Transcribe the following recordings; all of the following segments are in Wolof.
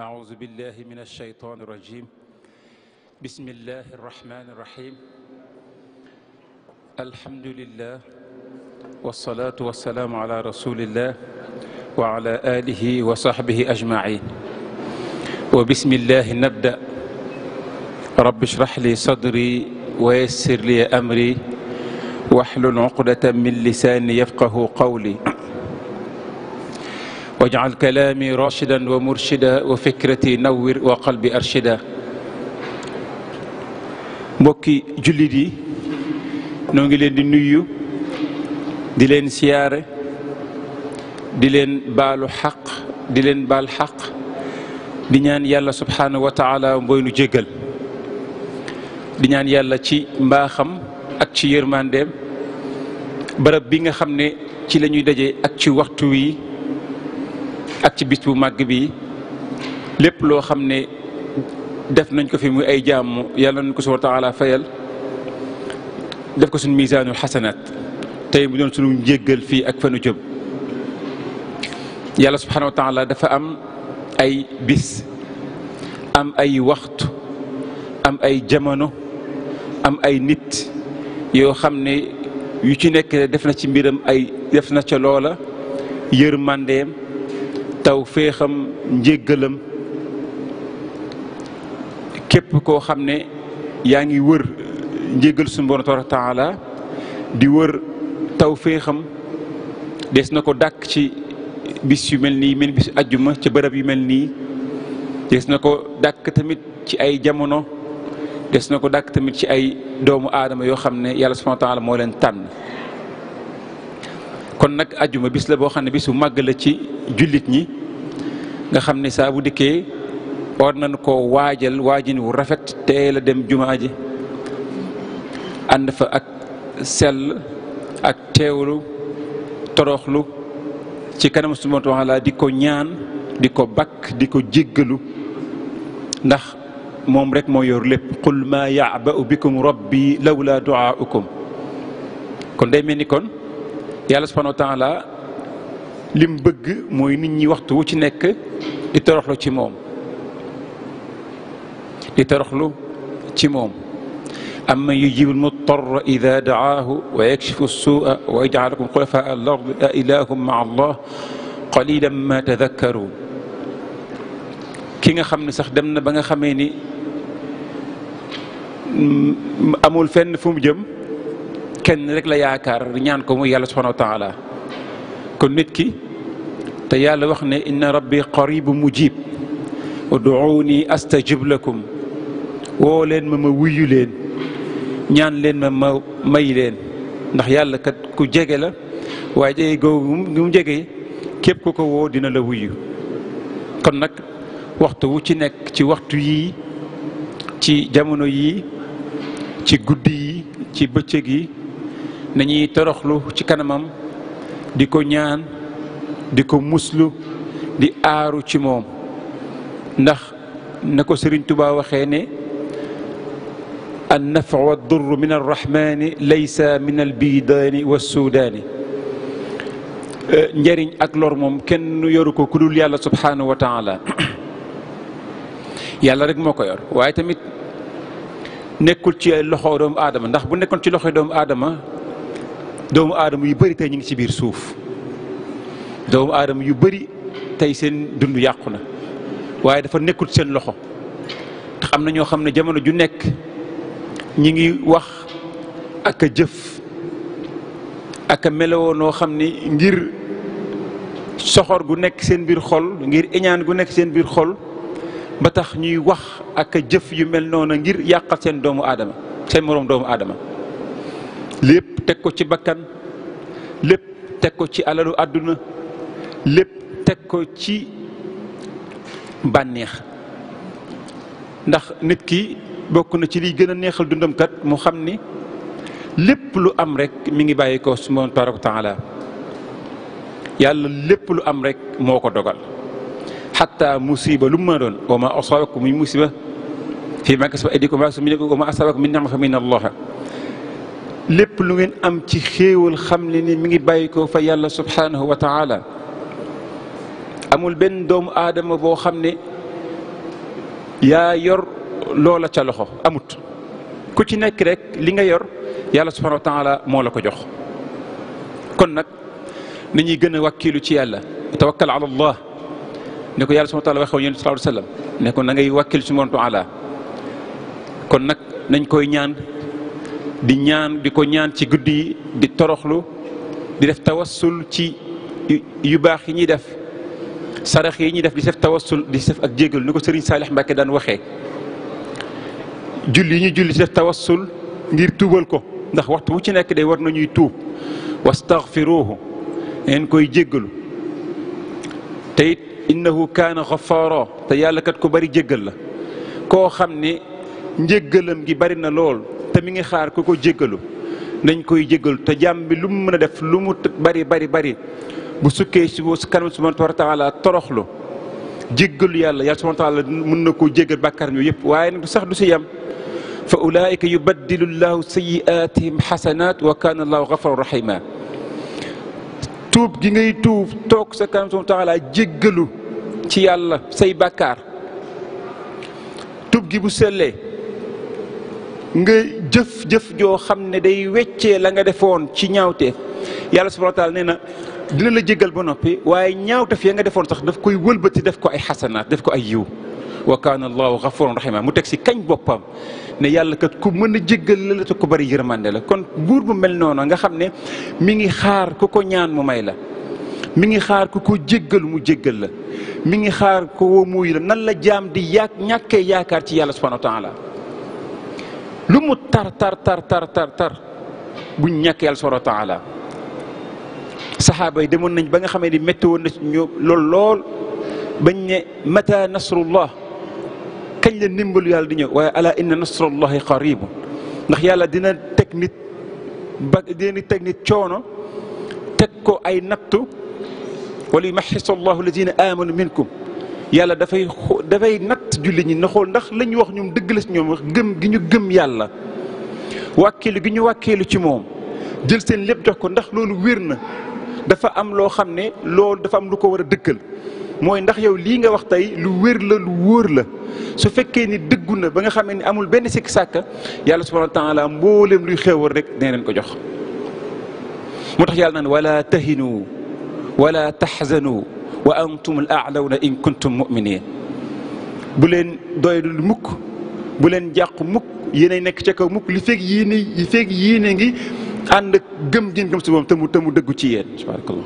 أعوذ بالله من الشيطان الرجيم بسم الله الرحمن الرحيم الحمد لله والصلاة والسلام على رسول الله وعلى آله وصحبه أجمعين وبسم الله نبدأ رب اشرح لي صدري ويسر لي أمري واحلل عقدة من لساني يفقه قولي wajcal kalaami rashidan wa murshida wa fikrati nawwir wa qalbi arshida mbokki jullit yi noo ngi leen di nuyu di leen siyaare di leen baalu xaq di leen baal xaq di ñaan yàlla subhaanahu wa taala mboy nu di ñaan yàlla ci mbaaxam ak ci yërmandeem barab bi nga xam ne ci la daje ak ci waxtu wi ak ci bis bu màgg bi lépp loo xam ne def nañ ko fi muy ay jaamu yàlla nañ ko subhaanahu wa taala fayal def ko suñ misaanul xasanaat tey mu doon suñu njéggal fii ak fanu jëm yàlla subhaanahu wa dafa am ay bis am ay waxtu am ay jamono am ay nit yoo xam ne yu ci nekk def na ci mbiram ay def na ca loola yërmandeem taw féexam njéggalam képp koo xam ne yaa ngi wër njéggal suñu borom tabaaraka di wër taw féexam des na ko dàq ci bis yu mel nii mel bis ajjuma ca bërëb yu mel nii des na ko dàkk tamit ci ay jamono des na ko dàkk tamit ci ay doomu aadama yoo xam ne yàlla subhaana moo leen tànn kon nag ajuma bis la boo xam ne bis bu màgg la ci jullit ñi nga xam ne saabu bu dikkee war nañ koo waajal waajin wu rafet teel dem jumaa ji ànd fa ak sell ak teewlu toroxlu ci kanam subhaanahu wa taala di ko ñaan di ko bakk di ko jiggalu ndax moom rek moo yor lépp qul maa ya'ba'u bikum rabbi lawlaa du'aa'ukum kon day mel kon yàlla subhanahu wa taala lim bëgg mooy nit ñi waxtu wu ci nekk di toroxlu ci moom di toroxlu ci moom amman yujibu lmutarra ida daahu wa yakshifu suua wa yajcalukum xulafaa al ard a ilahum ma allah qalilan ma tadakkaruun ki nga xam ne sax dem na ba nga xamee ni mm, amul fenn fu mu jëm kenn rek la yaakaar ñaan ko muy yàlla subhanahu wa kon nit ki te yàlla wax ne inna rabbi qaribu mujib uduuni astajib lakum woo leen ma ma wuyu leen ñaan leen ma ma may leen ndax yàlla kat ku jege la waaye googu mu jege képp ku ko woo dina la wuyu kon nag waxtu wu ci nekk ci waxtu yi ci jamono yii ci guddi yi ci bëccëg yi nañuy toroxlu ci kanamam di ko ñaan di ko muslu di aaru ci moom ndax na ko Sëriñ Tuubaa waxee ne an nafa wa durru min arrahmani laysa min albidaani wa suudaani njëriñ ak lor moom kenn yoru ko ku yàlla subhaanahu wa taala yàlla rek moo ko yor waaye tamit nekkul ci loxo doomu aadama ndax bu nekkoon ci loxo doomu aadama doomu aadama yu bëri tey ñu ngi ci biir suuf doomu aadama yu bari tey seen dund yàqu na waaye dafa nekkul seen loxo te am na ñoo xam ne jamono ju nekk ñi ngi wax ak jëf ak meloo noo xam ne ngir soxoor gu nekk seen biir xol ngir iñaan gu nekk seen biir xol ba tax ñuy wax ak jëf yu mel noonu ngir yàqal seen doomu aadama seen moroom doomu aadama lépp teg ko ci bakkan lépp teg ko ci alalu àdduna lépp teg ko ci bànneex ndax nit ki bokk na ci liy gën a neexal dundam kat mu xam ni lépp lu am rek mi ngi bàyyi ko su ma tabaaraka wa taala yàlla lépp lu am rek moo ko dogal xatta musiba lu mu mën a doon wa ma asaabakum musiba fii ma kasabat aydikum wa ma asabakum min ni'matin fa min lépp lu ngeen am ci xéewal xam ne ni mi ngi bàyyi ko fa yàlla subhaanahu wa taala amul benn doomu aadama boo xam ne yaa yor loola ca loxo amut ku ci nekk rek li nga yor yàlla subhaanahu wa taala moo la ko jox kon nag nañuy gën a wakkilu ci yàlla tawakkal ala allah ne ko yàlla subhaanahu wa taala waxee yonent sallallahu alayhi wa sallam ne ngay wakkil ci moom taala kon nag nañ koy ñaan di ñaan di ko ñaan ci guddi yi di toroxlu di def tawassul ci yu baax yi ñuy def sarax yi ñuy def di def tawasul di def ak jégal ni ko Serigne Salih Mbacke daan waxee julli yi ñu julli ci def tawassul ngir tuubal ko ndax waxtu bu ci nekk day war nañuy tuub wastaghfiruhu ngeen koy jéggalu te it innahu kaana ghafaara te yàlla kat ko bari jéggal la koo xam ne njéggalam gi bari na lool te ngi xaar ko ko jéggalu nañ koy jéggalu te jàmm bi lu mu mën a def lu mu bari bari bari bu sukkee si kanam subhanahu wa taala toroxlu jéggalu yàlla yàlla subhanahu wa mën na koo jéggal bàkkaar ñu yëpp waaye nag du sax du si yam fa ulaayika yubaddilu llahu sayyiaatihim xasanaat wa kaana allahu gafuran rahima tuub gi ngay tuub toog sa kanam subhanahu wa taala ci yàlla say bàkkaar tuub gi bu sellee nga jëf-jëf joo xam ne day weccee la nga defoon ci ñaawte yàlla subhaana taala nee na dina la jéggal ba noppi waaye ñaawteef ya nga defoon sax daf koy wëlbati def ko ay xasanaat def ko ay yiw wa kaana allahu gafuran rahima mu teg si kañ boppam ne yàlla kat ku mën a jéggal la la te ku bëri yërmande la kon buur bu mel noonu nga xam ne mi ngi xaar ku ko ñaan mu may la mi ngi xaar ku ko jéggal mu jéggal la mi ngi xaar ko woo muuy la nan la jaam di yaa ñàkkee yaakaar ci yàlla subhaana wa taala lu mu tar tar tar tar tar tar buñ ñàkk yàlla subhaanahu wa taala saxaaba yi demoon nañ ba nga xamee ni métti woon na ci ñoom lool bañ ne mata nasrullah kañ la ndimbalu yàlla di ñëw waaye ala inna nasrullahi qarib ndax yàlla dina teg nit ba dina teg nit coono teg ko ay nattu wala yumaxisu allahu alladina amanu minkum yàlla dafay dafay natt julli ñi na xool ndax la ñu wax ñoom dëgg la si ñoom wax gëm gi ñu gëm yàlla wàkkeelu gi ñu wàkkeelu ci moom jël seen lépp jox ko ndax loolu wér na dafa am loo xam ne loolu dafa am lu ko war a dëkkal mooy ndax yow lii nga wax tey lu wér la lu wóor la su fekkee ni dëggu na ba nga xamee ni amul benn sikk sàkka yàlla subhaanahu wa taala mbooleem luy xewal rek nee leen ko jox moo tax yàlla naan wala tahinu wala tahzanu wa antumul na in kuntum muminin bu leen doylu mukk bu leen jàq mukk yéenay nekk ca kaw mukk li feeg yéene li feeg yéene ngi ànd gëm ngeen gëm si moom te mu dëggu ci yéen barakallahu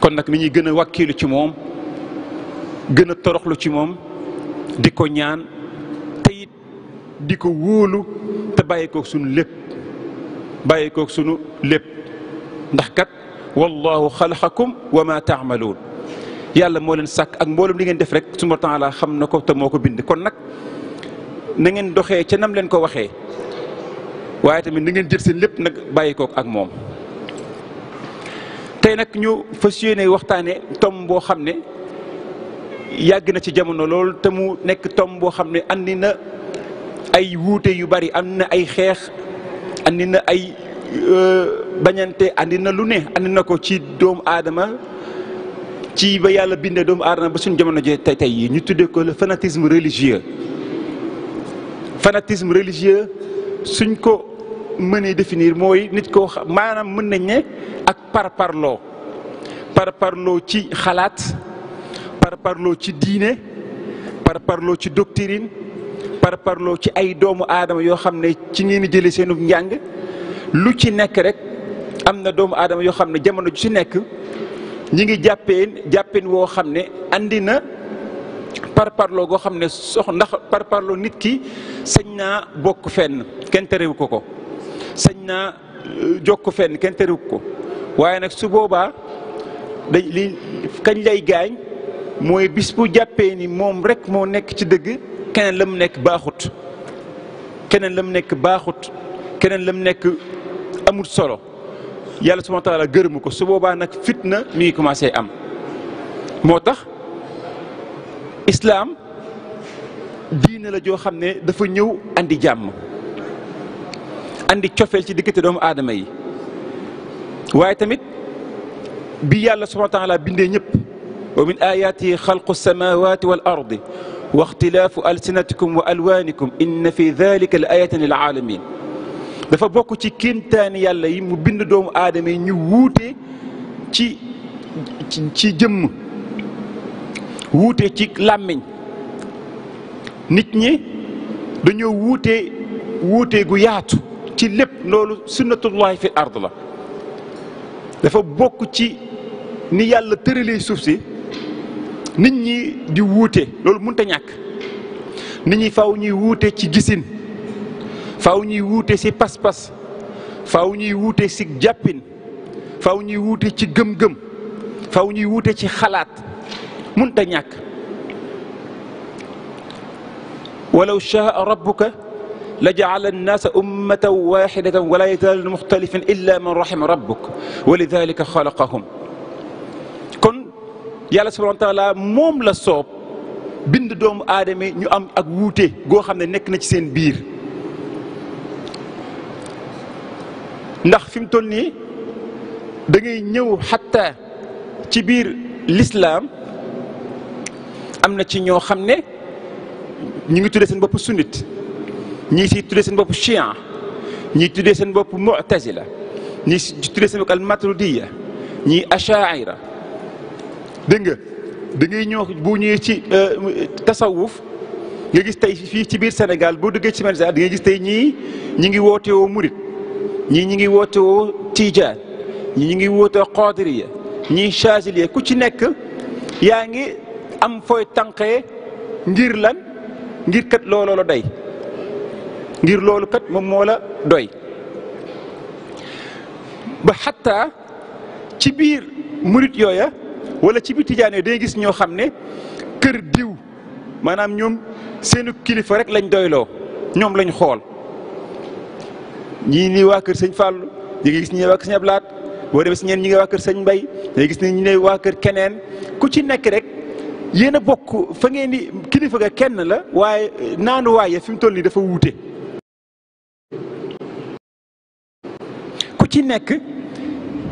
kon nag ni ñuy gën a wàkkiilu ci moom gën a toroxlu ci moom di ko ñaan te di ko wóolu te bàyyi koog sunu lépp bàyyi koog sunu lépp ndax kat. wallahu xalaqakum wa ma taamaluun yàlla moo leen sàkk ak mboolum li ngeen def rek suma taala xam na ko te moo ko bind kon nag na ngeen doxee ca nam leen ko waxee waaye tamit na ngeen jël seen lépp nag bàyyi kook ak moom tey nag ñu fas yéene waxtaane tom boo xam ne yàgg na ci jamono lool te mu nekk tom boo xam ne andi na ay wuute yu bari am na ay xeex andi na ay Euh, bañante andi na lu ne andi na ko ci doomu aadama ci ba yàlla bindee doomu aadama ba suñu jamono jee tey tey yi ñu tuddee ko le fanatisme religieux fanatisme religieux suñ ko mënee définir mooy nit ko maanaam mën nañ ne ak par parparloo ci xalaat par parparloo ci diine parparloo ci doctrine parparloo ci ay doomu aadama yoo xam ne ci ngeen jëlee seenub njàng lu ci nekk rek am na doomu aadama yoo xam ne jamono ju ci nekk ñi ngi jàppeen jàppeen woo xam ne andi na parparloo goo xam ne sox ndax par parlo nit ki sañ naa bokk fenn kenn terewu ko ko sañ naa euh, jokk fenn kenn terewu ko waaye nag su boobaa li kañ lay gaañ mooy bis bu jàppee ni moom rek moo nekk ci dëgg keneen la mu nekk baaxut keneen la mu nekk baaxut keneen la mu nekk amul solo yàlla subhaana taala gërëmu ko su boobaa nag fitna mi ngi commencé am moo tax islaam diine la joo xam ne dafa ñëw andi jàmm andi cofeel ci diggante doomu aadama yi waaye tamit bi yàlla subhaana taala bindee ñëpp wa min ayaatihi xalqu samawati wal ardi wa ixtilaafu alsinatikum wa alwaanikum inna fi dalika la ayatan lil aalamin dafa bokk ci kéemtaani yàlla yi mu bind doomu aadama yi ñu wuute ci ci jëmm wuute ci làmmiñ nit ñi dañoo wuute wuute gu yaatu ci lépp loolu sunnatullahi fi ard la dafa bokk ci ni yàlla tëralee suuf si nit ñi di wuute loolu mënta ñàkk nit ñi faw ñuy wuute ci gisin faaw ñuy wuute si pas-pas faaw ñuy wuute si jàppin faaw ñuy wuute ci gëm-gëm faaw ñuy wuute ci xalaat mënut a ñàkk walaw shaa rabbuka la jaala annaasa ummatan waxidatan wala yazaaluuna muxtalifin illa man rahima rabbuk wa yàlla subhaana moom la soob bind doomu aadama ñu am ak wuute goo xam ne nekk na ci seen biir ndax fi mu toll nii dangay ngay ñëw xatta ci biir lislaam am na ci ñoo xam ne ñu ngi tuddee seen bopp sunnit ñii si tuddee seen bopp shian ñii tuddee seen bopp mu'tazila ñii si tuddee seen bopp almatrudiya ñii achaira dégg nga da ngay ñëw bu ñëwee ci euh, tasawuf nga gis tey fii ci biir Sénégal boo dëggee ci Sénégal da ngay gis tey ñii ñu ngi woote woo murit ñii ñi ngi woote woo tijaan ñii ñi ngi woote ya ñii chaaziliya ku ci nekk yaa ngi am fooy tànqee ngir lan ngir kat looloo la doy ngir loolu kat moom moo doy ba xatta ci biir murit yooya wala ci biir tijaan yooyu day gis ñoo xam ne kër diw maanaam ñoom seenu kilifa rek lañ doyloo ñoom lañ xool ñii nii waa kër sëñ Fallou di nga gis ñii waa kër sëñ Ablaat boo demee si ñeen ñi nga waa kër sañ Mbay da gis ne ñu ne waa kër keneen ku ci nekk rek yéen a bokk fa ngeen di kenn la waaye naanu waaye fi mu toll nii dafa wuute. ku ci nekk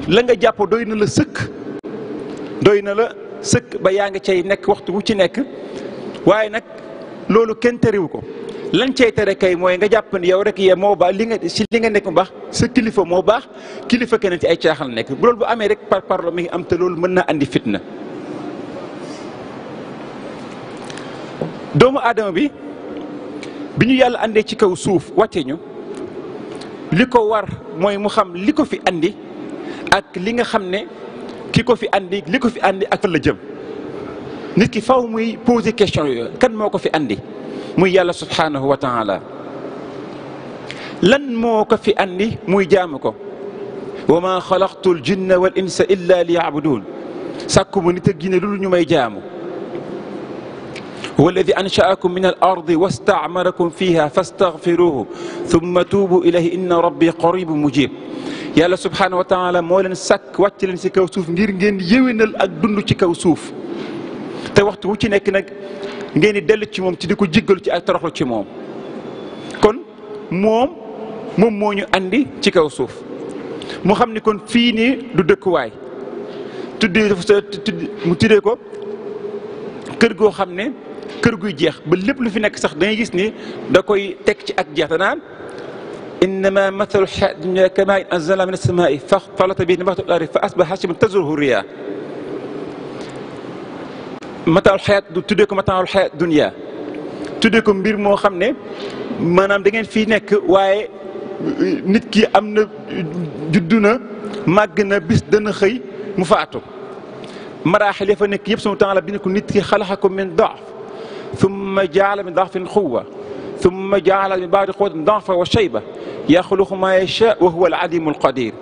la nga jàppo doy na la sëkk doy na la sëkk ba yaa nga cay nekk waxtu wu ci nekk waaye nag loolu kenn terewu ko. lan cey tere kay mooy nga jàpp ne yow rek yee moo baax li nga si li nga nekk mu baax sa kilifa moo baax kilifa keneen ci ay caaxaan nekk bu loolu bu amee rek par parlo mi ngi am te loolu mën naa andi fitna. doomu aadama bi bi ñu yàlla andee ci kaw suuf wàcce ñu li ko war mooy mu xam li ko fi andi ak li nga xam ne ki ko fi andi li ko fi andi ak fan la jëm nit ki faw muy poser question yooyu kan moo ko fi andi. muy yàlla subhaanahu wa taala lan moo ko fi andi muy jaamu ko wa maa xalaqtu l jinna wal insa illa li yaabuduun sàkkuma nit ak jinne lu ñu may jaamu walladi anshaakum min al ardi wastaamarakum fiha fastaghfiruhu thumma tuubu ilayhi inna rabbi qaribun mujib yàlla subhaanahu wa taala moo leen sàkk wàcc leen si kaw suuf ngir ngeen yéwénal ak dund ci kaw suuf te waxtu wu ci nekk nag ngeen di dellu ci moom ci di ko jéggalu ci ak toroxlu ci moom kon moom moom moo ñu andi ci kaw suuf mu xam ni kon fii nii du dëkkuwaay tuddee mu tuddee ko kër goo xam ne kër guy jeex ba lépp lu fi nekk sax dangay gis ni da koy teg ci ak jeex danaan innama mathalu kama anzalna min as-samaa'i faxtalata bihi nabatu al-ardi fa asbaha hashiman tazruhu riyaah mataal xeet du tuddee ko mataal xeet dunia tuddee ko mbir moo xam ne maanaam da ngeen fii nekk waaye euh, nit ki am na juddu na màgg na bis dana xëy mu faatu maraaxil ya fa nekk yëpp sama temps la bi ne ko nit ki xalaxakum min daaf summa jaala min daafin xuwa summa jaala min baadi xuwatin daafa wa shayba yaxluqu maa yashaa wa huwa al alimu al qadir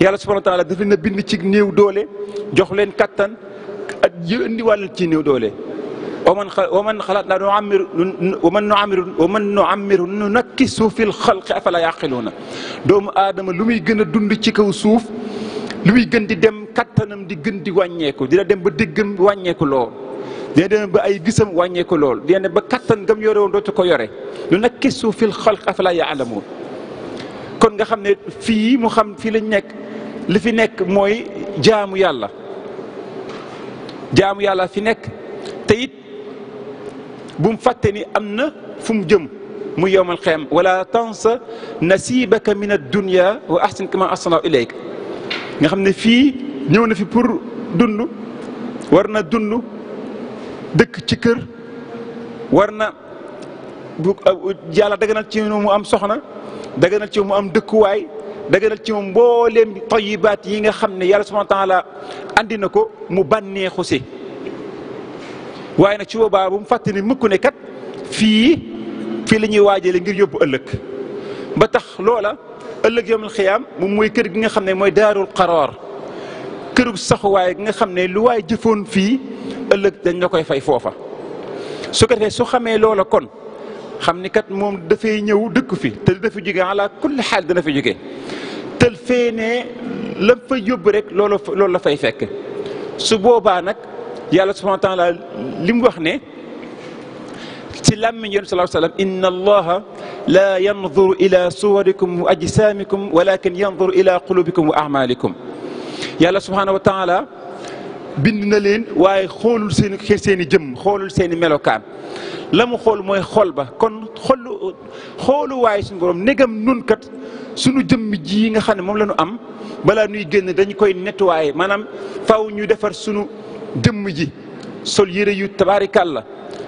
yàlla subhanahu wa taala daf leen a bind ci néew doole jox leen kattan. ak ju indiwàll ci néew doole waman waman xalaat naa nu amir waman nu amir waman nu amir nu nakkisu fil xalqi afala yaqiluuna doomu aadama lu muy gën a dund ci kaw suuf lu muy gën di dem kattanam di gën di wàññeeku dina dem ba déggam wàññeeku lool dina dem ba ay gisam wàññeeku lool dina ba kattan gam yore woon dootu ko yore nu nakkisu fil xalqi afala yaalamuun kon nga xam ne fii mu xam fii nekk li fi nekk mooy jaamu yàlla jaamu yàlla fi nekk te it bu mu fàtte ni am na fu mu jëm mu yowmal xiyam wala tansa nasibaka min ad-dunya wa ahsin kama ahsana ilayk nga xam ne fii ñëw na fi pour dund war na dund dëkk ci kër war na bu yàlla daganal ci mu am soxna daganal ci mu am dëkkuwaay daganal ci moom mbooleem tayibaat yi nga xam ne yàlla subhaana taala andi na ko mu bànneexu si waaye na ci boobaa bu mu fàtte ni mukk ne kat fii fii la ñuy waajale ngir yóbbu ëllëg ba tax loola ëllëg yawmal xiyaam moom mooy kër gi nga xam ne mooy daaru qaraar kërug saxuwaay gi nga xam ne lu waay jëfoon fii ëllëg dañ la koy fay foofa su ko defee su xamee loola kon xam ni kat moom dafay ñëw dëkk fii te dafa jóge ala kulli xaal dana fi jóge tël fee nee la fa yóbbu rek loolu loolu la fay fekk su boobaa nag yàlla subhaanahu wa taala li mu wax ne ci làmmiñ yonent sallallahu alayhi wa sallam inna allaha laa yanzuru ila suwarikum wa ajsaamikum walakin yanzuru ila qulubikum wa amalikum yàlla subhaanahu wa taala bind na leen waaye xoolul seen seen i jëmm xoolul seen i melokaan la mu xool mooy xool ba kon xoolu xoolu waaye suñu borom negam nun kat suñu jëmm ji yi nga xam ne moom lanu am balaa nuy génn dañu koy nettoyé maanaam faw ñu defar sunu jëmm ji sol yëre yu la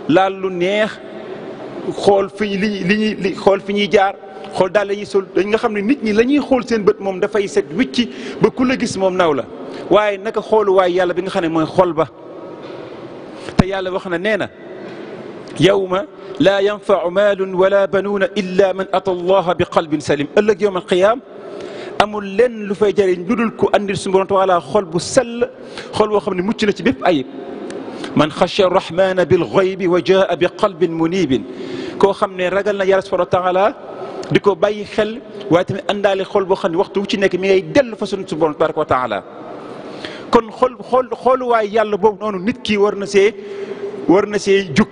laal lu neex xool fi li li ñuy li xool fi ñuy jaar xool daal la sol dañ nga xam ne nit ñi la ñuy xool seen bët moom dafay set wicci ba ku la gis moom naw la waaye naka xoolu waaye yàlla bi nga xam ne mooy xool ba te yàlla wax na nee na yawma laa yanfau maalun wala banuuna illa man ata allaha bi qalbin salim ëllëg yowm alqiyaam amul lenn lu fay jëriñ lu dul ku andil suñu borom taala xol bu sell xol boo xam ne mucc na ci bépp ayib man xacha arrahmana bilxaybi wa jaa bi qalbin munibin koo xam ne ragal na yàlla subhanahu wa taala di ko bàyyi xel waaye tamit àndaale xol boo xam ne waxtu wu ci nekk mi ngay dellu fa suñu borom tabaraka wa taala kon xol xol xooluwaay yàlla boobu noonu nit ki war na see war na see jug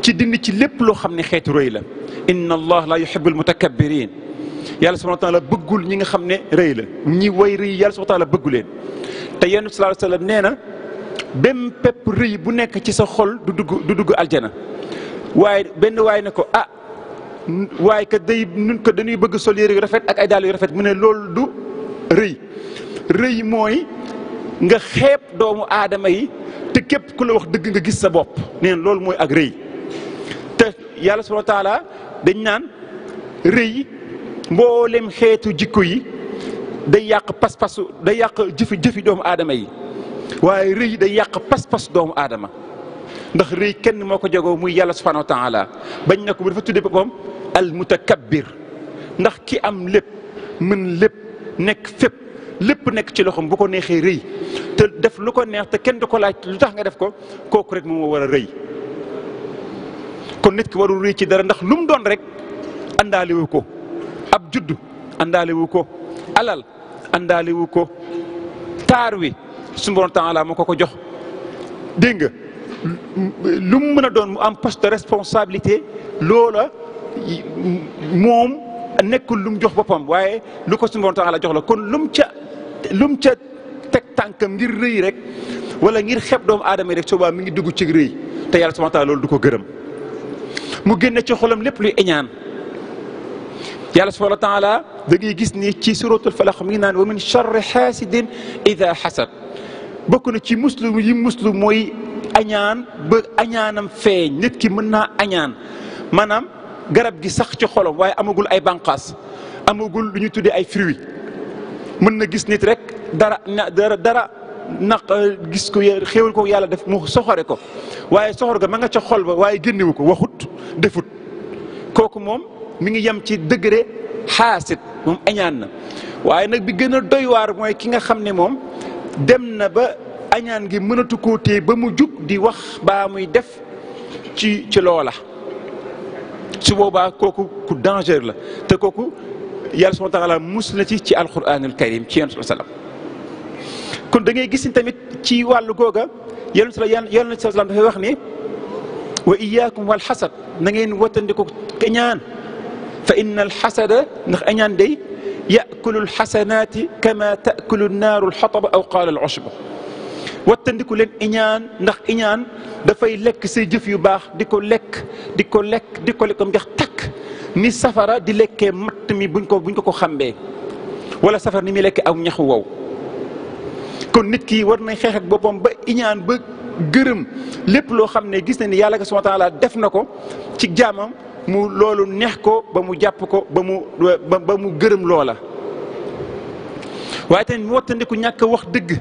ci dindi ci lépp loo xam ne xeetu rëy la inna allah la yuhibbul mutakabbirin yàlla subhanahu wa taala bëggul ñi nga xam ne rëy la ñi way rëy yàlla subhanahu wa taala bëggu leen te yéen sallallahu alayhi wa sallam nee na benn pepp rëy bu nekk ci sa xol du dugg du dugg aljana waaye benn waay ne ko ah waaye kat day nun dañuy bëgg sol yére yu rafet ak ay dàll yu rafet mu ne loolu du rëy rëy mooy nga xeeb doomu aadama yi te képp ku la wax dëgg nga gis sa bopp nee na loolu mooy ak rëy yàlla subhaanahu wa taala dañ naan rëy mboolem xeetu jikko yi day yàq pas-pasu day yàq jëfi jëfi doomu aadama yi waaye rëy day yàq pas-pas doomu aadama ndax rëy kenn moo ko jagoo muy yàlla subhaanahu wa taala bañ na ko bu dafa tuddee boppam al mutakabbir ndax ki am lépp mën lépp nekk fépp lépp nekk ci loxom bu ko neexee rëy te def lu ko neex te kenn du ko laaj lu tax nga def ko kooku rek moom moo war a rëy kon nit ki warul rëy ci dara ndax lu mu doon rek àndaalewu ko ab judd àndaalewu ko alal àndaalewu ko taar wi suñu borom taala moo ko ko jox dégg nga lu mu mën a doon mu am poste de responsabilité loola moom nekkul lu mu jox boppam waaye lu ko suñu borom taala jox la kon lu ca lu mu ca teg tànkam ngir rëy rek wala ngir xeeb doomu e rek soobaa mi ngi dugg ci rëy te yàlla subhaana taala loolu du ko gërëm mu génne ci xolam lépp luy iñaan yàlla subhaana wa taala da gis ni ci suratul falaq mi ngi naan wa min charri xaasidin ida xasad bokk na ci muslim yi muslim mooy añaan ba añaanam feeñ nit ki mën naa añaan maanaam garab gi sax ci xolam waaye amagul ay bànqaas amagul lu ñu tuddee ay fruits mën na gis nit rek dara naq euh, gis ko xéewal ko yàlla def mu soxore ko waaye soxor ga ma nga ca xol ba waaye génnewu ko waxut defut kooku moom mi ngi yem ci degré xaasit moom añaan na waaye nag bi gën a doy waar mooy ki nga xam ne moom dem na ba añaan gi mënatu koo téye ba mu jug di wax baa muy def ci ci loola su boobaa kooku ku danger la te kooku yàlla subhaanahu wa taala mus na ci ci alquranul karim ci yonent sallam kon da ngay gis ni tamit ci wàllu googa yonent la yonent salaam dafay wax ni wa iyaakum wal xasad na ngeen wattandiku añaan fa inna al xasada ndax añaan day yakulu al xasanaati kama takulu naaru al xataba aw qaala al usba wattandiku leen iñaan ndax iñaan dafay lekk si jëf yu baax di ko lekk di ko lekk di ko lekk am jax takk ni safara di lekk matt mi buñ ko buñ ko ko xàmbee wala safara ni muy lekkee aw ñaxu wow kon nit ki war na xeex boppam ba iñaan ba gërëm lépp loo xam ne gis na ni yàlla ko subhaana taala def na ko ci jaamam mu loolu neex ko ba mu jàpp ko ba mu ba mu gërëm loola waaye tamit mu wattandiku ñàkk wax dëgg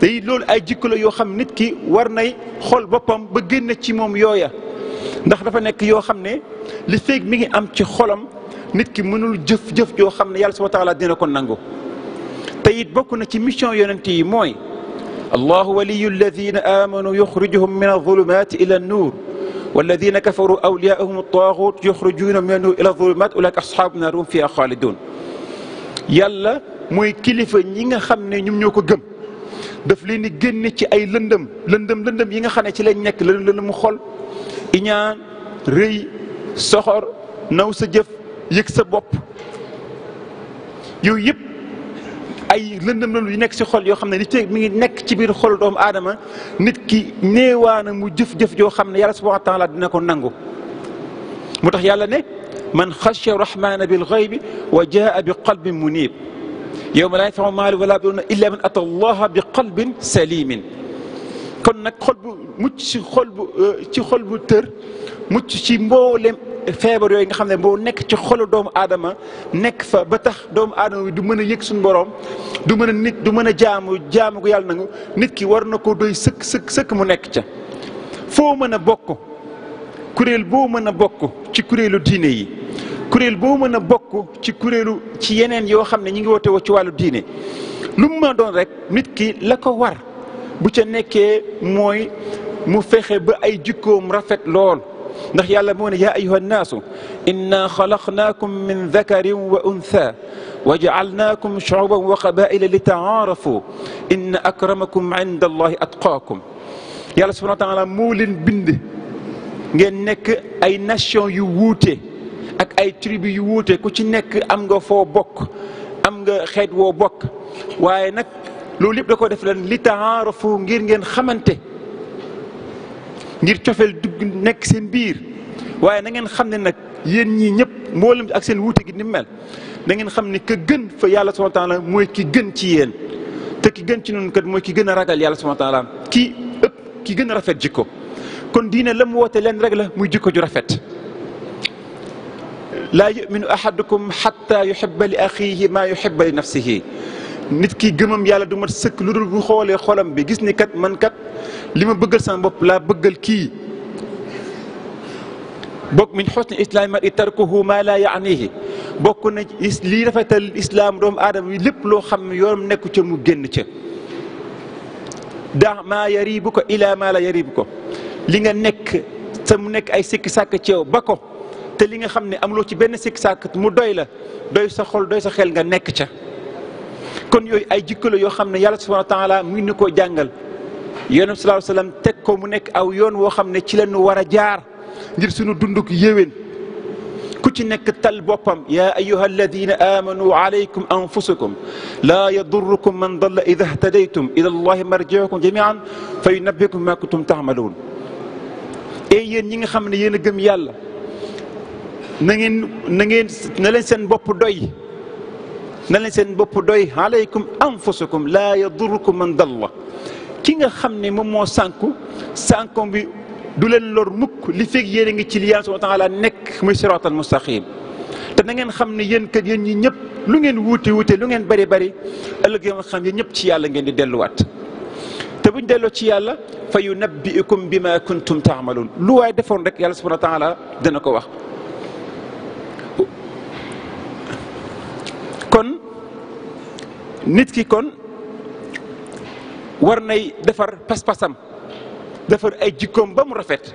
tey loolu ay jikko la yoo xam nit ki war nay xool boppam ba génn ci moom yooya ndax dafa nekk yoo xam ne li feeg mi ngi am ci xolam nit ki mënul jëf-jëf yoo xam ne yàlla subhaana taala dina ko nangu it bokk na ci mission yonent yi mooy allahu waliyu alladina amanu yuxrijuhum min alzulumat ila annuur walladina kafaru awliyaahum altaaxut yuxrijuuna min annuur ila alzulumat ulaika ashaabu naar fiha xaalidun yàlla mooy kilifa ñi nga xam ne ñoom ñoo ko gëm daf leen di génne ci ay lëndëm lëndëm lëndëm yi nga xam ne ci lañ nekk lëndëm lëndëmu xol iñaan rëy soxor naw sa jëf yëg sa bopp ay lëndëm lëndëm yu nekk si xol yoo xam ne li tey mi ngi nekk ci biir xol doomu aadama nit ki néewaana mu jëf-jëf joo xam ne yàlla subhaanahu wa taala dina ko nangu mu tax yàlla ne man xasha rahmaana bil xaybi wa jaa bi qalbin munib yawma laa yanfau maalun wa laa banuuna illaa man ataa allaha bi qalbin salimin kon nag xol bu mucc si xol bu ci xol bu tër mucc ci mbooleem feebar yooyu nga xam ne boo nekk ci xolu doomu aadama nekk fa ba tax doomu aadama bi du mën a yëg suñu borom du mën a nit du mën a jaamu jaamu ko yàlla nit ki war na ko doy sëkk sëkk sëkk mu nekk ca foo mën a bokk kuréel boo mën a bokk ci kuréelu diine yi kuréel boo mën a bokk ci kuréelu ci yeneen yoo xam ne ñu ngi woote woo ci wàllu diine lu mu mën a doon rek nit ki la ko war bu ca nekkee mooy mu fexe ba ay jikkoom rafet lool ndax yàlla moo ne yaa ayuha nnaasu inna xalaqnaakum min dakarin wa untha wa jaalnaakum shuuban wa qabaila li taaarafu inna akramakum inda allahi atqaakum yàlla subhana wa taala moo leen bind ngeen nekk ay nation yu wuute ak ay tribu yu wuute ku ci nekk am nga foo bokk am nga xeet woo bokk waaye nag loolu yëpp da ko def leen li taaarafu ngir ngeen xamante ngir cofel dugg nekk seen biir waaye na ngeen xam ne nag yéen ñii ñëpp mboolem ak seen wuute gi ni mu mel na ngeen xam ne ka gën fa yàlla subhaanahu wa taala mooy ki gën ci yéen te ki gën ci noonu kat mooy ki gën a ragal yàlla subhaanahu wa taala ki ëpp ki gën a rafet jikko kon diine la mu woote leen rek la muy jikko ju rafet laa yuminu ahadukum xatta yuhibba li axiihi maa yuhibba li nafsihi nit ki gëmam yàlla du mat sëkk lu dul bu xoolee xolam bi gis ni kat man kat li ma bëggal sama bopp laa bëggal kii bokk min xusni islaam al tarkuhu ma laa yaanihi bokk na lii rafetal islaam doomu aadama yi lépp loo xam ne yoonam nekku ca mu génn ca daa maa yaribu ko ilaa maa la yaribu ko li nga nekk sa mu nekk ay sikki sàkk ci ceew ba ko te li nga xam ne am loo ci benn sikki sàkk mu doy la doy sa xol doy sa xel nga nekk ca kon yooyu ay jikko la yoo xam ne yàlla subhanahu wa taala mu ngi ko jàngal yonent bi sallallahu alayhi ko mu nekk aw yoon woo xam ne ci la ñu war a jaar ngir suñu dunduk yéwén ku ci nekk tal boppam yaa ayyuha alladina amanu alaykum anfusakum laa yadurrukum man dalla ida htadaytum ila allahi marjiukum jamian fa yunabbikum ma kuntum taamaluun ey eh, yéen ñi nga xam ne yéen a gëm yàlla na ngeen na ngeen na leen seen bopp doy na seen bopp doy alaykum anfusakum laa yadurukum man dalla ki nga xam ne moom moo sànku sànkoom bi du leen lor mukk li fekk yéen ngi ci li yàlla subhaanahu wa taala nekk muy siraatal mustaqim te na ngeen xam ne yéen kat yéen ñi ñëpp lu ngeen wuute wuute lu ngeen bëri bari ëllëg yoo xam ne ñëpp ci yàlla ngeen di delluwaat te buñ delloo ci yàlla fa yunabbi'ukum bima kuntum taamaluun lu waaye defoon rek yàlla subhaanahu wa taala dina ko wax nit ki kon war nay defar pas-pasam defar ay jikkoom ba mu rafet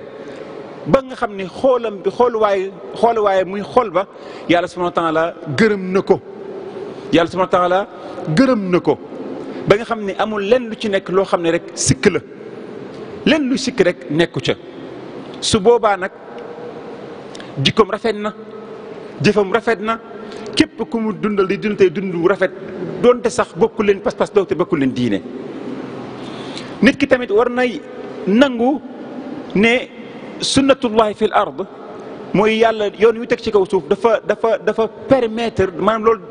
ba nga xam ni xoolam bi xooluwaay waaye muy xool ba yàlla subhanahu wa taala gërëm na ko yàlla subhanahu wa taala gërëm na ko ba nga xam ne amul lenn lu ci nekk loo xam ne rek sikk la lenn lu sikk rek nekku ca su boobaa nag jikkoom rafet na jëfam rafet na képp ku mu dundal di dund tey dund bu rafet doonte sax bokku leen pas-pas doonte bokku leen diine nit ki tamit war nay nangu ne sunnatullahi fil ard mooy yàlla yoon wi teg ci kaw suuf dafa dafa dafa permettre maanaam loolu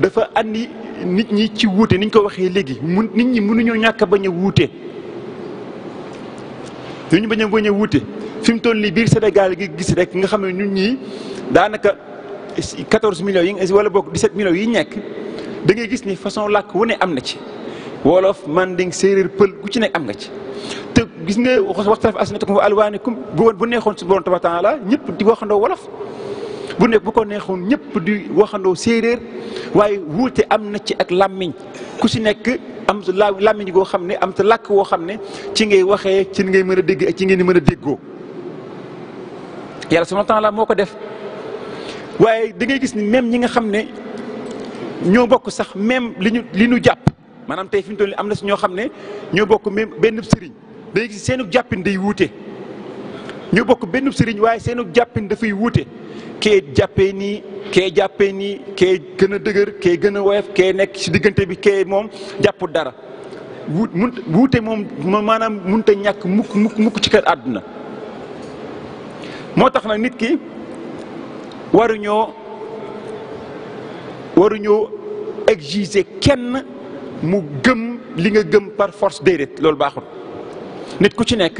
dafa andi nit ñi ci wuute ni ñu ko waxee léegi mun nit ñi mënuñoo ñàkk a bañ a wuute. ñu bañ a bañ a wuute fi mu toll nii biir senegal gi gis rek nga xam ne ñun ñii daanaka. 14 millions yi wala boog 17 millions yi nekk da ngay gis ni façon làkk wu ne am na ci wolof man manding séeréer pël ku ci nekk am nga ci te gis nga waxtaan alsinatakum wa alwaanikum bu bu neexoon su borom tabaaraka wa ñëpp di waxandoo wolof bu nekk bu ko neexoon ñëpp di waxandoo séeréer waaye wuute am na ci ak làmmiñ ku si nekk am la làmmiñ goo xam ne am te làkk woo xam ne ci ngay waxee ci ngay mën a dégg ak ci ngeen mën a déggoo yàlla subhaanahu wa laa moo ko def waaye da ngay gis ni même ñi nga xam ne ñoo bokk sax même li ñu li ñu jàpp maanaam tey fi mu toll am na si ñoo xam ne ñoo bokk même benn sëriñ da ngay gis seenu jàppin day wuute. ñoo bokk benn sëriñ waaye seenu jàppin dafay wuute kee jàppee nii kee jàppee nii kee gën a dëgër kee gën a woyof kee nekk si diggante bi kee moom jàppul dara wut mun wuute moom maanaam mënut a ñàkk mukk mukk mukk ci kër àdduna moo tax nag nit ki. waruñoo waruñoo exiger kenn mu gëm li nga gëm par force déedéet loolu baaxul nit ku ci nekk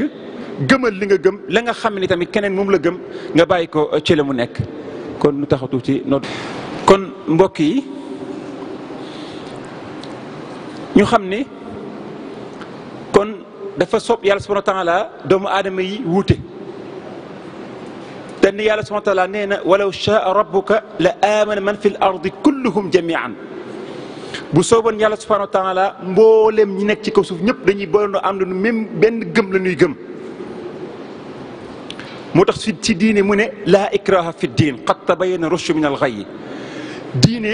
gëmal li nga gëm la nga xam ni tamit keneen moom la gëm nga bàyyi ko euh, ci mu nekk kon nu taxatu ci nodd kon mbokk yi ñu xam ni kon dafa sob yàlla subhanahu wa taala doomu aadama yi wuute dan yàlla subhaana taala nee na walaw shaa rabbuka la aamana man fi l ardi kulluhum jamian bu sooboon yàlla subhaana taala mbooleem ñi nekk ci kaw suuf ñëpp dañuy boolendoo am na nu même benn gëm la ñuy gëm moo tax ci diine mu ne laa ikraha fi diin qad tabayyana rushdu min al ghayy diine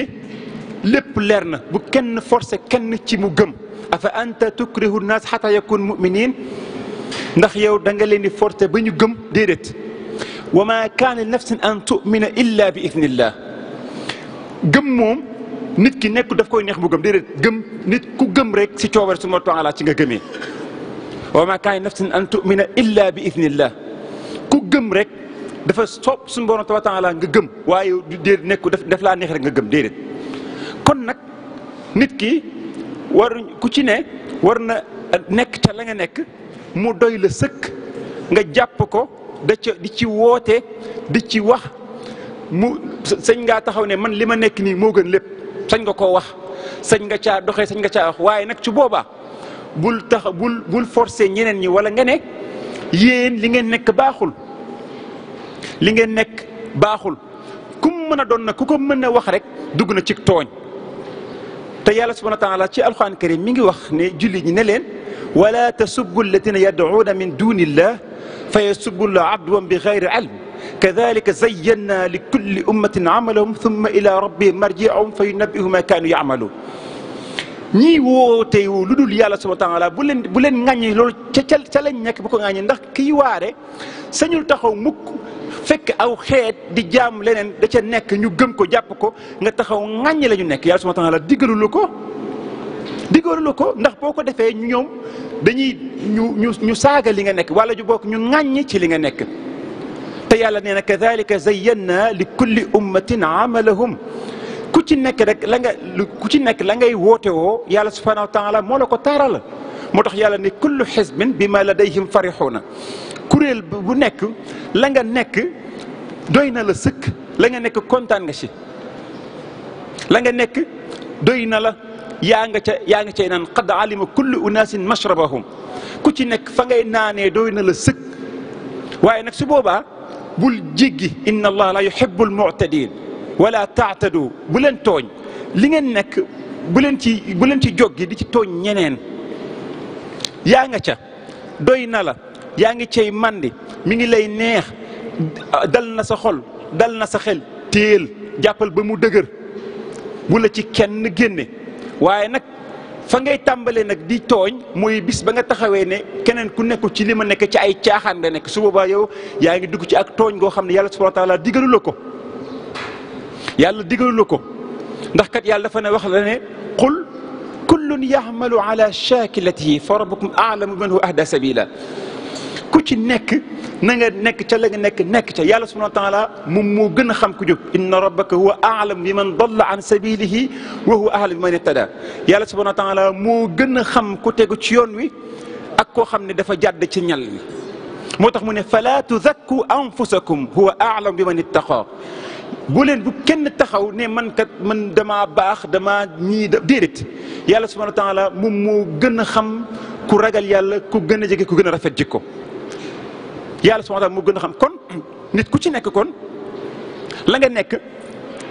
lépp leer na bu kenn forcé kenn ci mu gëm afa anta tukrihu naas xata yakun muminin ndax yow da nga leen di forcé ba ñu gëm déedéet wama kaana nafsin an tumina illa bi idnillah gëm moom nit ki nekk daf koy neex bu gëm déedéet gëm nit ku gëm rek si coobare su ma taala ci nga gëmee wama kaana nafsin an tumina illa bi idnillah ku gëm rek dafa soob suñu borom nga gëm waaye déedéet nekku daf daf laa neex rek nga gëm déedéet kon nag nit ki war ku ci ne war na nekk ca la nga nekk mu doy la sëkk nga jàpp ko da ca di ci woote di ci wax mu sañ ngaa taxaw ne man li ma nekk nii moo gën lépp sañ nga ko wax sañ nga caa doxe sañ nga caa wax waaye nag ci boobaa bul tax bul bul forcer ñeneen ñi wala nga ne li ngeen nekk baaxul li ngeen nekk baaxul kum mën a doon na ku ko mën a wax rek dugg na ci tooñ te yàlla subhana taala ci alquran karim mi ngi wax ne julli ñi ne leen wala tasubbu alladina yad'una min dunillah فيسب الله عدوا بغير علم كذلك زينا لكل أمة عملهم ثم إلى ربهم مرجعهم فينبئهم ما كانوا يعملون ñii wootee wu lu dul yàlla subhaanahu wa taala bu leen bu leen ŋàññi loolu ca ca ca lañ nekk bu ko ŋàññi ndax kiy waare sañul taxaw mukk fekk aw xeet di jaam leneen da ca nekk ñu gëm ko jàpp ko nga taxaw ŋàññi la ñu nekk yàlla subhaanahu wa taala diggalu lu ko diggoon la ko ndax boo ko defee ñoom dañuy ñu ñu ñu saaga li nga nekk wala ju bokk ñu ŋàññ ci li nga nekk te yàlla nee na kadalika zayanna li kulli ummatin amalahum ku ci nekk rek la nga ku ci nekk la ngay woote woo yàlla subhanahu wa taala moo la ko taaral moo tax yàlla ne kullu xisbin bi ma ladayhim farixuuna kuréel bu nekk la nga nekk doy na la sëkk la nga nekk kontaan nga si la nga nekk doy na la yaa nga ca yaa nga cay naan qad alima kullu unaasin mashrabahum ku ci nekk fa ngay naanee doy na la sëkk waaye nag su boobaa bul jéggi inna allah la yuhibbu almu'tadin wala taatadu bu leen tooñ li ngeen nekk bu ci bu leen ci joggi di ci tooñ ñeneen yaa nga ca doy na la yaa ngi cay mandi mi ngi lay neex dal na sa xol dal na sa xel téel jàppal ba mu dëgër bu ci kenn génne waaye nag fa ngay tàmbalee nag di tooñ mooy bis ba nga taxawee ne keneen ku nekk ci li ma nekk ci ay caaxaan nga nekk su boobaa yow yaa ngi dugg ci ak tooñ goo xam ne yàlla subhaanahu wa taala digalu la ko yàlla ko ndax kat yàlla dafa ne wax la ne qul kullun ya'malu ala shaakilatihi fa rabbukum a'lamu man huwa ahda sabila ku ci nekk na nga nekk ca la nekk nekk ca yàlla subhanahu wa taala moom moo gën a xam ku jub inna rabbaka huwa bi man dalla an sabilihi wa huwa aalam bi man ittada yàlla subhanahu wa taala moo gën a xam ku tegu ci yoon wi ak koo xam ne dafa jàdd ci ñal wi moo tax mu ne fala tuzakku anfusakum huwa aalam bi man ittaqa bu leen bu kenn taxaw ne man kat man damaa baax damaa ñii da déedéet yàlla subhanahu wa taala moom moo gën a xam ku ragal yàlla ku gën a jege ku gën a rafet jikko yàlla subhaana taala moo gën a xam kon nit ku ci nekk kon la nga nekk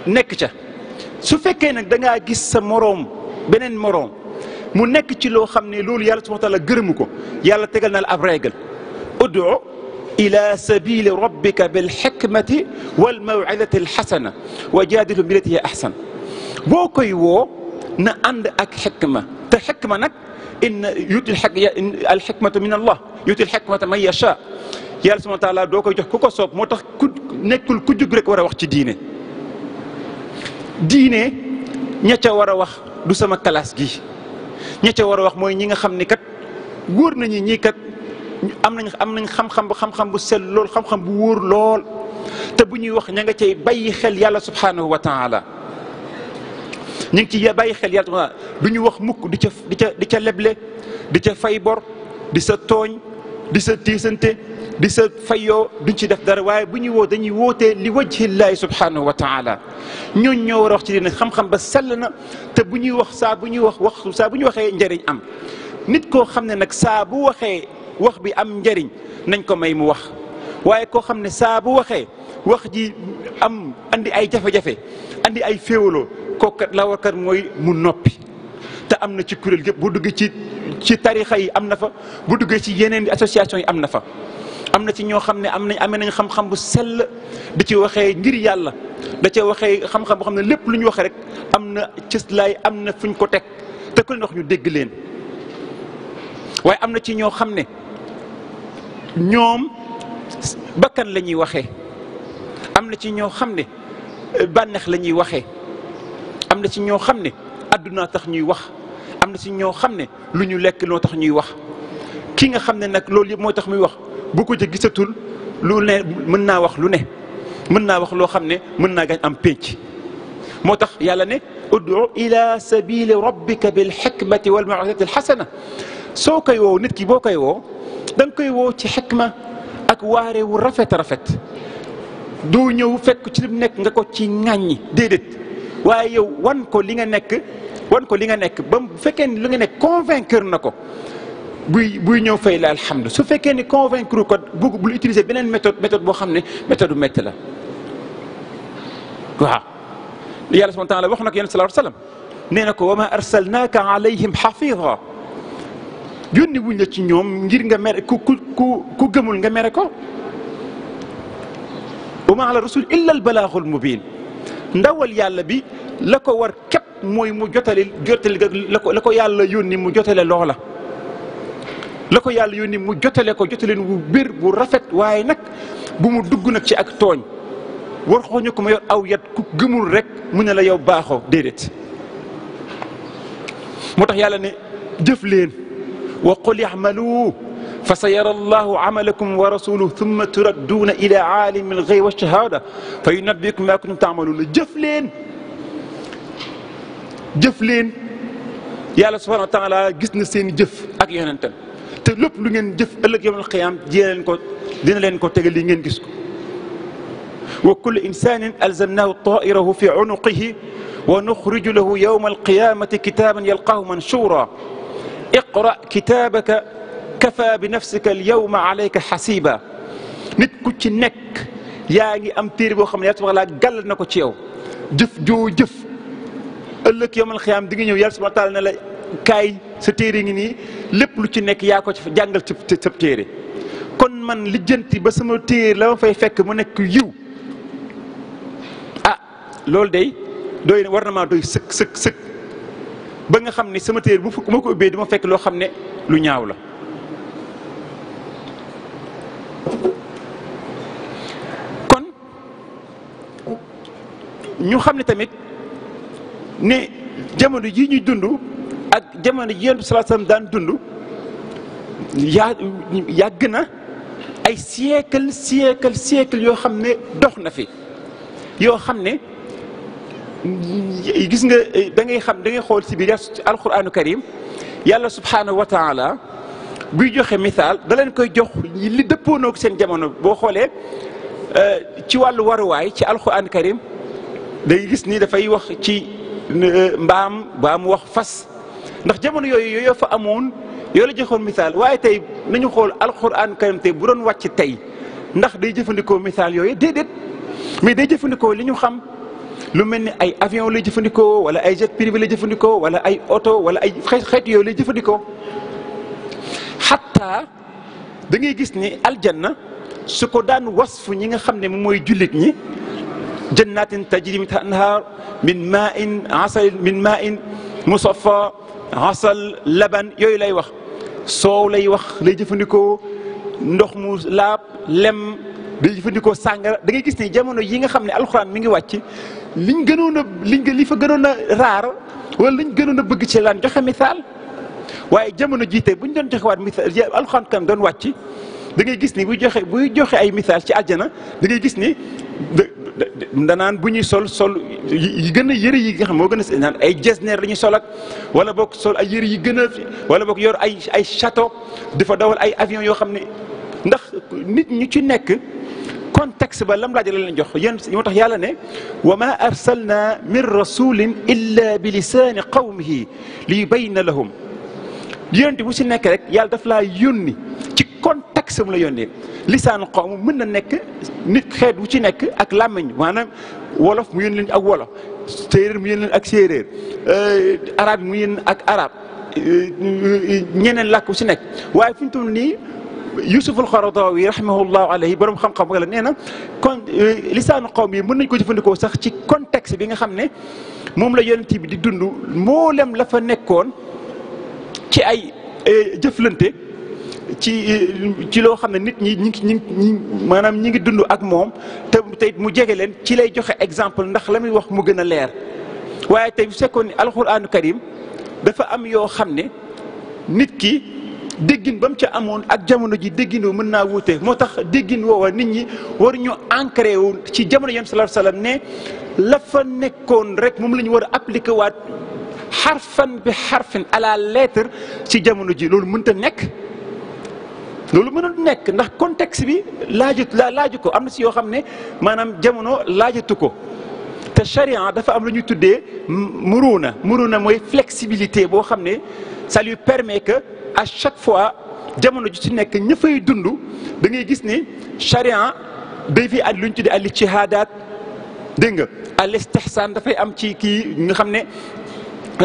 nekk ca su fekkee nag da ngaa gis sa moroom beneen moroom mu nekk ci loo xam ne loolu yàlla subhaana taala gërëmu ko yàlla tegal na la ab règle udu ila sabili rabbika bil xikmati wal mawidati al xasana wa jaadilu billati hiya ahsan boo koy woo na ànd ak xikma te xikma nag in yuti al xikmatu min allah yuti al xikmata man yacha yàlla subhaanahu wa doo koy jox ku ko soob moo tax ku nekkul ku jug rek war a wax ci diine diine ña ca war a wax du sama kalaas gi ña ca war a wax mooy ñi nga xam ni kat wóor nañu ñii kat am nañ am nañ xam-xam bu xam bu sell lool xam-xam bu wóor lool te bu ñuy wax ña nga cay bàyyi xel yàlla subhaanahu wa taala ñu ngi ci bàyyi xel yàlla du ñuy wax mukk di ca di ca di ca leble di ca fay bor di sa tooñ di sa tiisante di sa fayoo duñ ci def dara waaye bu ñuy woo dañuy wootee li wajhillaahi subhanahu wa taala ñooñ ñoo war a wax ci dina xam-xam ba sell na te bu ñuy wax saabu bu ñuy wax wax saa bu ñuy waxee njariñ am nit koo xam ne nag saa waxee wax bi am njëriñ nañ ko may mu wax waaye koo xam ne saa waxee wax ji am andi ay jafe-jafe andi ay féewaloo kookat la warkat mooy mu noppi te am na ci kuréel yëpp bu duggee ci ci tarixa yi am na fa bu duggee ci yeneen association yi am na fa am na ci ñoo xam ne am nañ amee nañ xam-xam bu sell di ci waxee ngir yàlla da ca waxee xam-xam boo xam ne lépp lu ñu waxee rek am na cëslaay am na fuñ ko teg te ku ñu dégg leen waaye am na ci ñoo xam ne ñoom bakkan la ñuy waxee am na ci ñoo xam ne bànneex la ñuy waxee am na ci ñoo xam ne àdduna tax ñuy wax am na ci ñoo xam ne lu ñu lekk loo tax ñuy wax ki nga xam ne nag loolu yëpp mooy tax muy wax bu ko ci gisatul lu ne mën naa wax lu ne mën naa wax loo xam ne mën naa gañ am pénc moo tax yàlla ne ud'u ila sabili rabbika bil hikmati wal maw'izati al hasana soo koy woo nit ki boo koy woo da nga koy woo ci xikma ak waare wu rafet rafet doo ñëw fekk ci lim nekk nga ko ci ŋàññi déedéet waaye yow wan ko li nga nekk wan ko li nga nekk ba bu fekkee ne li nga nekk convaincre na ko buy buy ñëw fay la alhamdu su fekkee ni convaincre ko bu bul utiliser beneen méthode méthode boo xam ne méthode bu métti la waaw yàlla subhaana taala wax na ko yonent sallallahu alayhi wa sallam nee na ko wa ma arsalnaaka alayhim xafida yónni wuñ la ci ñoom ngir nga mere ku ku ku ku gëmul nga mere ko wa ma ala rasul illa al balaaxul mubin ndawal yàlla bi la ko war képp mooy mu jotali jotali la ko la ko yàlla yónni mu jotale loola la ko yàlla yónni mu jotale ko jotaleen wu bir bu rafet waaye nag bu mu dugg nag ci ak tooñ war xooñu ko ma yor aw yat ku gëmul rek mu ne la yow baaxoo déedéet moo tax yàlla ne jëf leen wa qul yamalu fa sa yara allahu amalakum wa rasuluhu thumma turadduuna ila aalimi alxaybi wa shahaada fa yunabbiukum maa kuntum taamaluun jëf leen jëf leen yàlla subhaanahu wa taala gis na seen jëf ak yonentam te lépp lu ngeen jëf ëllëg yawmal qiyaam dina leen ko dina leen ko tegal li ngeen gis ko wa kullu insanin alzamnahu taa'irahu fi unuqihi wa nuxriju lahu yawmal qiyaamati kitaaban yalqaahu manshura iqra kitaabaka kafa bi nafsika alyawma alayka xasiba ku ci nekk yaa ngi am téere boo xam ne yàlla subhaana taala gàll na ko ci yow jëf joo jëf ëllëg di ñëw yàlla sa téere ngi nii lépp lu ci nekk yaa ko ci jàngal ci sa téere kon man lijjanti ba sama téere la ma fay fekk mu nekk yiw ah loolu day doy war na maa doy sëkk sëkk sëkk ba nga xam ne sama téere bu ma ko ubbee dama fekk loo xam ne lu ñaaw la kon ñu xam ne tamit ne jamono jii ñuy dund ak jamono yonent bi sallallahu alayhi wasallam daan dund yaa na ay siècle siècle yoo xam ne dox na fi yoo xam ne gis nga da xam da xool si biir alquranu karim yàlla subhaanahu wa taala buy joxe misaal da koy jox li dëppoonoog seen jamono boo xoolee eh, ci wàllu waruwaay ci alquran karim day gis ni dafay wax ci eh, mbaam baa wax fas ndax jamono yooyu yooyu fa amoon yoo la joxoon misaal waaye tey nañu xool alxuraan karim tey bu doon wàcc tey ndax day jëfandikoo misaal yooyu déedéet mais day jëfandikoo li ñu xam lu mel ni ay avion lay jëfandikoo wala ay jet privé lay jëfandikoo wala ay oto wala ay xeet yooyu lay jëfandikoo xataa da gis ni aljanna su ko daan wasfu ñi nga xam ne moom mooy jullit ñi jannatin tajri min anhaar min maa in asal min musaffa asal laban yooyu lay wax soow lay wax lay jëfandikoo ndox mu laab lem day jëfandikoo sàngara dangay gis ne jamono yi nga xam ne alxuraan mi ngi wàcc liñ gënoon a liñ li fa gënoon a raar wala liñ gënoon a bëgg ci laan joxe misaal waaye jamono jiite ñu doon joxewaat misaal alxuraan kan doon wàcc da ngay gis ni buy joxe buy joxe ay misaal ci àjjana da ngay gis ni danaan bu ñuy sol sol yi gën a yëre yi nga xam moo gën a naan ay jesneer la ñuy sol wala boog sol ay yëre yi gën a wala boog yor ay ay château dafa dawal ay avion yoo xam ne ndax nit ñi ci nekk contexte ba lam laaj la leen jox yéen moo tax yàlla ne wa ma arsalna min rasulin illa bi lisaani qawmihi li yubayna lahum yonent bu si nekk rek yàlla daf laa yónni ci contexte mu la yónnee lisaanu mu mën na nekk nit xeet wu ci nekk ak làmmiñ maanaam wolof mu yónni ak wolof séeréer mu yónni leen ak séeréer euh, arabe mu yónni ak arabe euh, ñeneen làkk wu si nekk waaye fi ñu toll nii Yusuf al-Qaradawi rahimahullahu alayhi borom xam-xam wala nee na kon euh, lisaanu xawm yi mën nañ ko jëfandikoo sax ci contexte bi nga xam ne moom la yonent bi di dund mboolem la fa nekkoon. ci ay eh, jëflante ci ci loo xam ne nit ñi ñi ñi maanaam ñi ngi dund ak moom te tey mu jege leen ci lay joxe exemple ndax la muy wax mu gën a leer waaye te bu fekkoon ni alxuraanu karim dafa am yoo xam ne nit ki déggin ba mu ca amoon ak jamono ji déggin mën naa wuute moo tax déggin woowa nit ñi waruñu ñu ancré wu ci jamono yam sallallahu alayhi ne la fa nekkoon rek moom lañu war a appliqué waat xarfan bi xarfin à la lettre ci jamono ji loolu mënta nekk loolu mën mënul nekk ndax contexte bi laaj la laaju ko am na si yoo xam ne maanaam jamono laajatu ko te charia dafa am lu ñuy tuddee muruna muruna mooy flexibilité boo xam ne ça lui permet que à chaque fois jamono ju ci nekk ña fay dund da ngay gis ni charia day fi at lu tuddee al ijtihaadaat dégg nga al istihsaan dafay am ci kii xam ne Euh,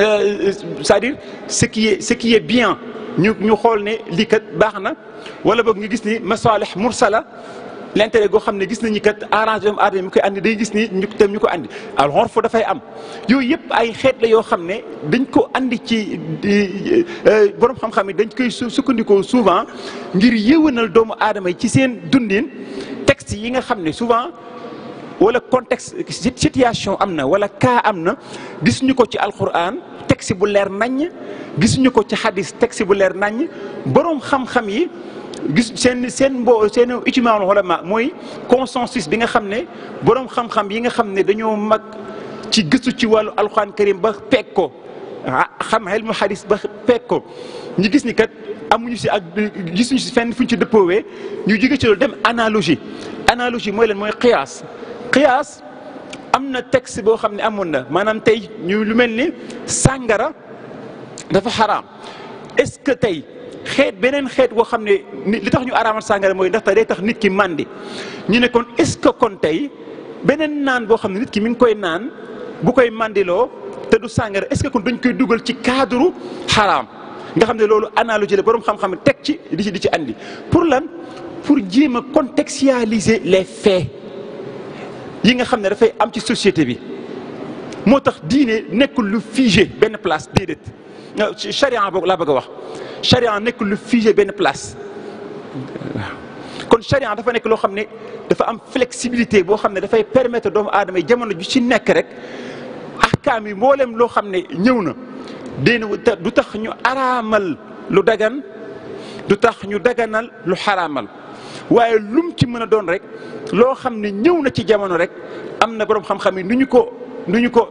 euh, c'est-à-dire ce qui est ce qui est bien ñu ñu xool ne lii kat baax na wala boog ñu gis ni masalih mursala l'intérêt goo xam ne gis nañu kat arrange doomu aadama mi koy andi day gis ni ñu ñu ko andi alors foofu dafay am yooyu yëpp ay xeet la yoo xam ne dañ ko andi ci euh, borom xam-xam yi dañ koy sukkandikoo souvent ngir yéwénal doomu aadama yi ci seen dundin texte yi nga xam ne souvent. wala contexte situation am na wala cas am na gisuñu ko ci alquran texte bu leer naññ gisuñu ko ci xadis texte bu leer naññ boroom xam-xam yi gis seen seen mbo seen ijmaa ulama mooy consensus bi nga xam ne boroom xam-xam yi nga xam ne dañoo mag ci gëstu ci wàllu alquran karim ba peeg ko ah, xam ilmu xadis ba peeg ko ñu gis ni kat amuñu si ak gisuñu si fenn fuñ ci dëppoowee ñu jóge ci loolu dem analogie analogie mooy leen mooy qiyaas qiyaas am na texte boo xam ne amoon na maanaam tey ñu lu mel ni sàngara dafa xaram est-ce que tey xeet beneen xeet boo xam ne li tax ñu araamal sàngara mooy ndax day tax nit ki màndi ñu ne kon est-ce que kon tey beneen naan boo xam ne nit ki mi ngi koy naan bu koy màndiloo te du sàngara est-ce que kon dañ koy dugal ci cadre xaram nga xam ne loolu analogie la boroom xam-xam teg ci di ci di ci andi pour lan pour jéem a contextualiser les faits. yi nga xam ne dafay am ci société bi moo tax diine nekkul lu figé benn place déedéet charia boog laa bëgg wax charia nekkul lu figé benn place kon charia dafa nekk loo xam ne dafa am flexibilité boo xam ne dafay permettre doomu aadama yi jamono ju ci nekk rek ahkaam yi mboolem loo xam ne ñëw na déen du tax ñu araamal lu dagan du tax ñu daganal lu xaraamal waaye lum ci mën a doon rek loo xam ne ñëw na ci jamono rek am na borom xam-xam yi nu ñu ko nu ñu ko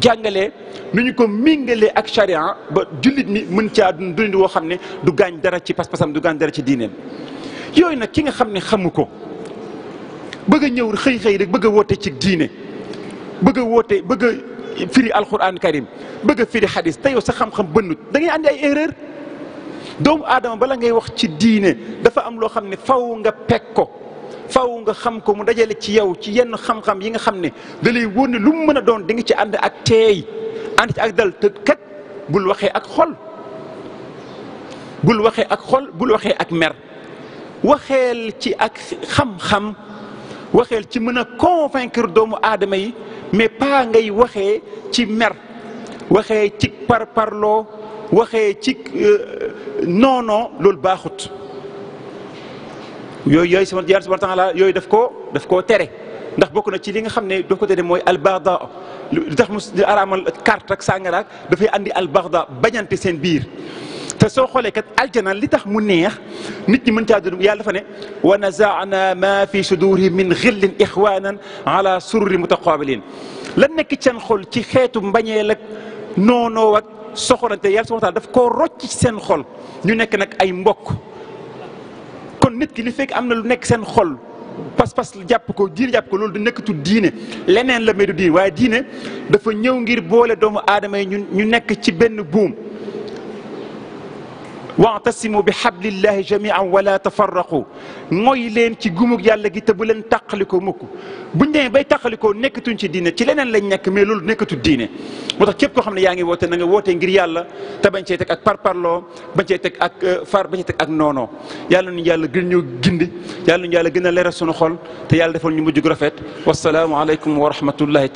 jàngalee nu ñu ko mingalee ak charia ba jullit mi mën ca dund dund woo xam ne du gaañ dara ci pas-pasam du gaañ dara ci diineem yooyu nag ki nga xam ne xamu ko bëgg a ñëw xëy xëy rek bëgg woote ci diine bëgg a woote bëgg a firi alquran karim bëgg a firi xadis te yow sa xam-xam bënnut da ngay andi ay erreur doomu aadama bala ngay wax ci diine dafa am loo xam ne faw nga peg ko faw nga xam ko mu dajale ci yow ci yenn xam-xam yi nga xam ne da lay wóor lu mu mën a doon dinga ci ànd ak teey ànd ci ak dal te kat bul waxee ak xol bul waxee ak xol bul waxee ak mer waxeel ci ak xam-xam waxeel ci mën a kër doomu aadama yi mais pas ngay waxee ci mer waxee ci parparloo waxee ci euh, non non loolu baaxut yooyu yooyu sama yàlla subhaanahu wa taala yooyu daf koo daf koo tere ndax bokk na ci li nga xam ne doo ko tere mooy albaada li tax mu araamal carte ak sàngaraak dafay andi albaada bañante seen biir te soo xoolee kat aljana li tax mu neex nit ñi mën caa dund yàlla dafa ne wa nazaana ma fi sudurihim min xillin ixwanan ala sururi mutaqabilin lan nekk can xol ci xeetu mbañeel ak noonoo ak soxorante yàlla subhaanahu wa taala daf koo rocc ci seen xol ñu nekk nag ay mbokk kon nit ki li fekk am na lu nekk seen xol pas-pas jàpp ko diine jàpp ko loolu du nekkatu diine leneen la may du diine waaye diine dafa ñëw ngir boole doomu aadama yi ñu ñu nekk ci benn buum waatasimu bi xablillahi jamian wala tafarraqu mooy leen ci gumug yàlla gi te bu leen tàqalikoo mukk buñ demee bay tàqalikoo nekkatuñ ci diina ci leneen lañ nekk mais loolu nekkatul diine moo tax képp koo xam ne yaa ngi woote na nga wootee ngir yàlla te bañ ak teg ak parparloo bañ cee teg ak far bañ cee teg ak noonoo yalla nu yàlla gën ñoo gindi yàlla nu yàlla gën a leeral sunu xol te yàlla defal ñu mujj gu rafet wasalaamu aleykum wa rahmatullahi